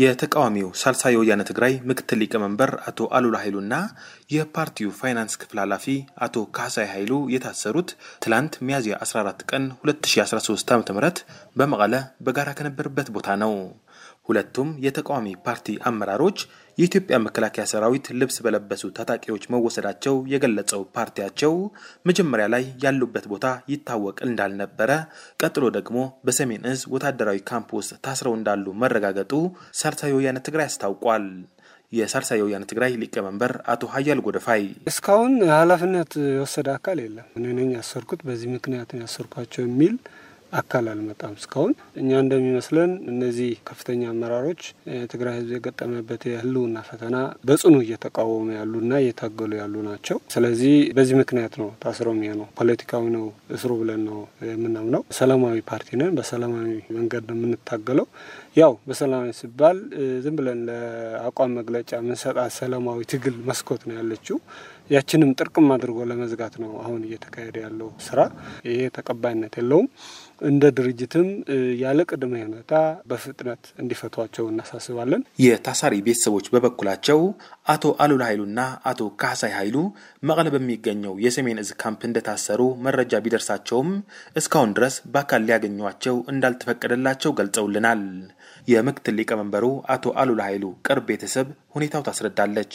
የተቃዋሚው ሳልሳይ ወያነ ትግራይ ምክትል ሊቀመንበር አቶ አሉላ ኃይሉና የፓርቲው ፋይናንስ ክፍል ኃላፊ አቶ ካሳይ ኃይሉ የታሰሩት ትላንት ሚያዝያ 14 ቀን 2013 ም በመቀለ በጋራ ከነበረበት ቦታ ነው። ሁለቱም የተቃዋሚ ፓርቲ አመራሮች የኢትዮጵያ መከላከያ ሰራዊት ልብስ በለበሱ ታጣቂዎች መወሰዳቸው የገለጸው ፓርቲያቸው መጀመሪያ ላይ ያሉበት ቦታ ይታወቅ እንዳልነበረ፣ ቀጥሎ ደግሞ በሰሜን እዝ ወታደራዊ ካምፕ ውስጥ ታስረው እንዳሉ መረጋገጡ ሳልሳዊ ወያነ ትግራይ አስታውቋል። የሳልሳይ ወያነ ትግራይ ሊቀመንበር አቶ ሀያል ጎደፋይ እስካሁን ኃላፊነት የወሰደ አካል የለም፣ እኔ ነኝ ያሰርኩት፣ በዚህ ምክንያት ያሰርኳቸው የሚል አካል አልመጣም እስካሁን። እኛ እንደሚመስለን እነዚህ ከፍተኛ አመራሮች የትግራይ ሕዝብ የገጠመበት የህልውና ፈተና በጽኑ እየተቃወሙ ያሉና እየታገሉ ያሉ ናቸው። ስለዚህ በዚህ ምክንያት ነው ታስሮም ነው ፖለቲካዊ ነው እስሩ ብለን ነው የምናምነው። ሰላማዊ ፓርቲ ነን፣ በሰላማዊ መንገድ ነው የምንታገለው። ያው በሰላማዊ ሲባል ዝም ብለን ለአቋም መግለጫ የምንሰጣት ሰላማዊ ትግል መስኮት ነው ያለችው ያችንም ጥርቅም አድርጎ ለመዝጋት ነው አሁን እየተካሄደ ያለው ስራ። ይሄ ተቀባይነት የለውም። እንደ ድርጅትም ያለ ቅድመ ሁኔታ በፍጥነት እንዲፈቷቸው እናሳስባለን። የታሳሪ ቤተሰቦች በበኩላቸው አቶ አሉላ ኃይሉና አቶ ካሳይ ኃይሉ መቀለ በሚገኘው የሰሜን እዝ ካምፕ እንደታሰሩ መረጃ ቢደርሳቸውም እስካሁን ድረስ በአካል ሊያገኟቸው እንዳልተፈቀደላቸው ገልጸውልናል። የምክትል ሊቀመንበሩ አቶ አሉላ ኃይሉ ቅርብ ቤተሰብ ሁኔታው ታስረዳለች።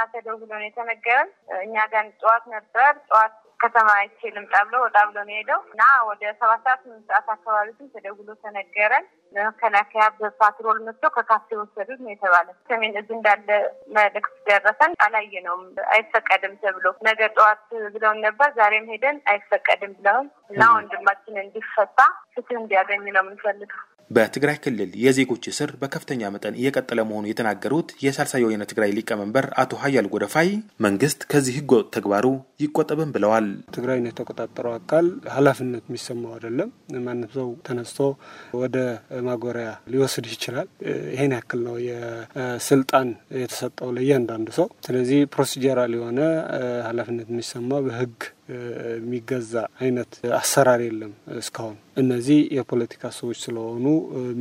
ትናንትና ተደውሎ ነው የተነገረን። እኛ ጋር ጠዋት ነበር ጠዋት ከተማ አይቼ ልምጣ ብሎ ወጣ ብሎ ነው ሄደው እና ወደ ሰባት ሰዓት ስምንት ሰዓት አካባቢ ግን ተደውሎ ተነገረን። መከላከያ በፓትሮል መጥቶ ከካፌ ወሰዱት ነው የተባለ። ሰሜን እዝ እንዳለ መልእክት ደረሰን። አላየነውም። አይፈቀድም ተብሎ ነገ ጠዋት ብለውን ነበር። ዛሬም ሄደን አይፈቀድም ብለውን እና ወንድማችን እንዲፈታ ፍትህ እንዲያገኝ ነው የምንፈልገው። በትግራይ ክልል የዜጎች እስር በከፍተኛ መጠን እየቀጠለ መሆኑ የተናገሩት የሳልሳይ ወያነ ትግራይ ሊቀመንበር አቶ ሀያል ጎደፋይ መንግስት ከዚህ ህገወጥ ተግባሩ ይቆጠብን ብለዋል። ትግራይን የተቆጣጠረው አካል ኃላፊነት የሚሰማው አይደለም። ማንም ሰው ተነስቶ ወደ ማጎሪያ ሊወስድ ይችላል። ይሄን ያክል ነው የስልጣን የተሰጠው ለእያንዳንዱ ሰው። ስለዚህ ፕሮሲጀራል የሆነ ኃላፊነት የሚሰማው በህግ የሚገዛ አይነት አሰራር የለም እስካሁን። እነዚህ የፖለቲካ ሰዎች ስለሆኑ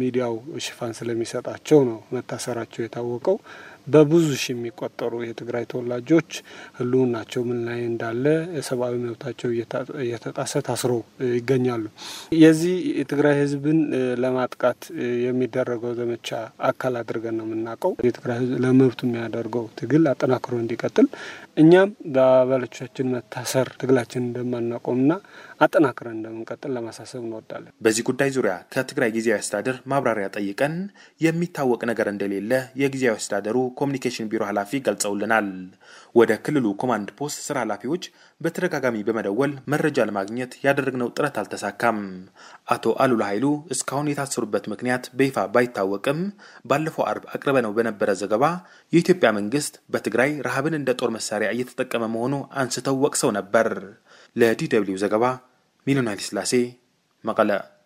ሚዲያው ሽፋን ስለሚሰጣቸው ነው መታሰራቸው የታወቀው። በብዙ ሺህ የሚቆጠሩ የትግራይ ተወላጆች ህልውናቸው ምን ላይ እንዳለ ሰብአዊ መብታቸው እየተጣሰ ታስሮ ይገኛሉ። የዚህ የትግራይ ህዝብን ለማጥቃት የሚደረገው ዘመቻ አካል አድርገን ነው የምናውቀው። የትግራይ ህዝብ ለመብቱ የሚያደርገው ትግል አጠናክሮ እንዲቀጥል እኛም በአባሎቻችን መታሰር ትግላችን እንደማናቆምና አጠናክረን እንደምንቀጥል ለማሳሰብ እንወዳለን። በዚህ ጉዳይ ዙሪያ ከትግራይ ጊዜያዊ አስተዳደር ማብራሪያ ጠይቀን የሚታወቅ ነገር እንደሌለ የጊዜያዊ አስተዳደሩ ኮሚኒኬሽን ቢሮ ኃላፊ ገልጸውልናል። ወደ ክልሉ ኮማንድ ፖስት ስራ ኃላፊዎች በተደጋጋሚ በመደወል መረጃ ለማግኘት ያደረግነው ጥረት አልተሳካም። አቶ አሉላ ኃይሉ እስካሁን የታሰሩበት ምክንያት በይፋ ባይታወቅም ባለፈው አርብ አቅርበነው በነበረ ዘገባ የኢትዮጵያ መንግስት በትግራይ ረሃብን እንደ ጦር መሳሪያ እየተጠቀመ መሆኑ አንስተው ወቅሰው ነበር። ለዲ ደብልዩ ዘገባ Millonaires la C, Makala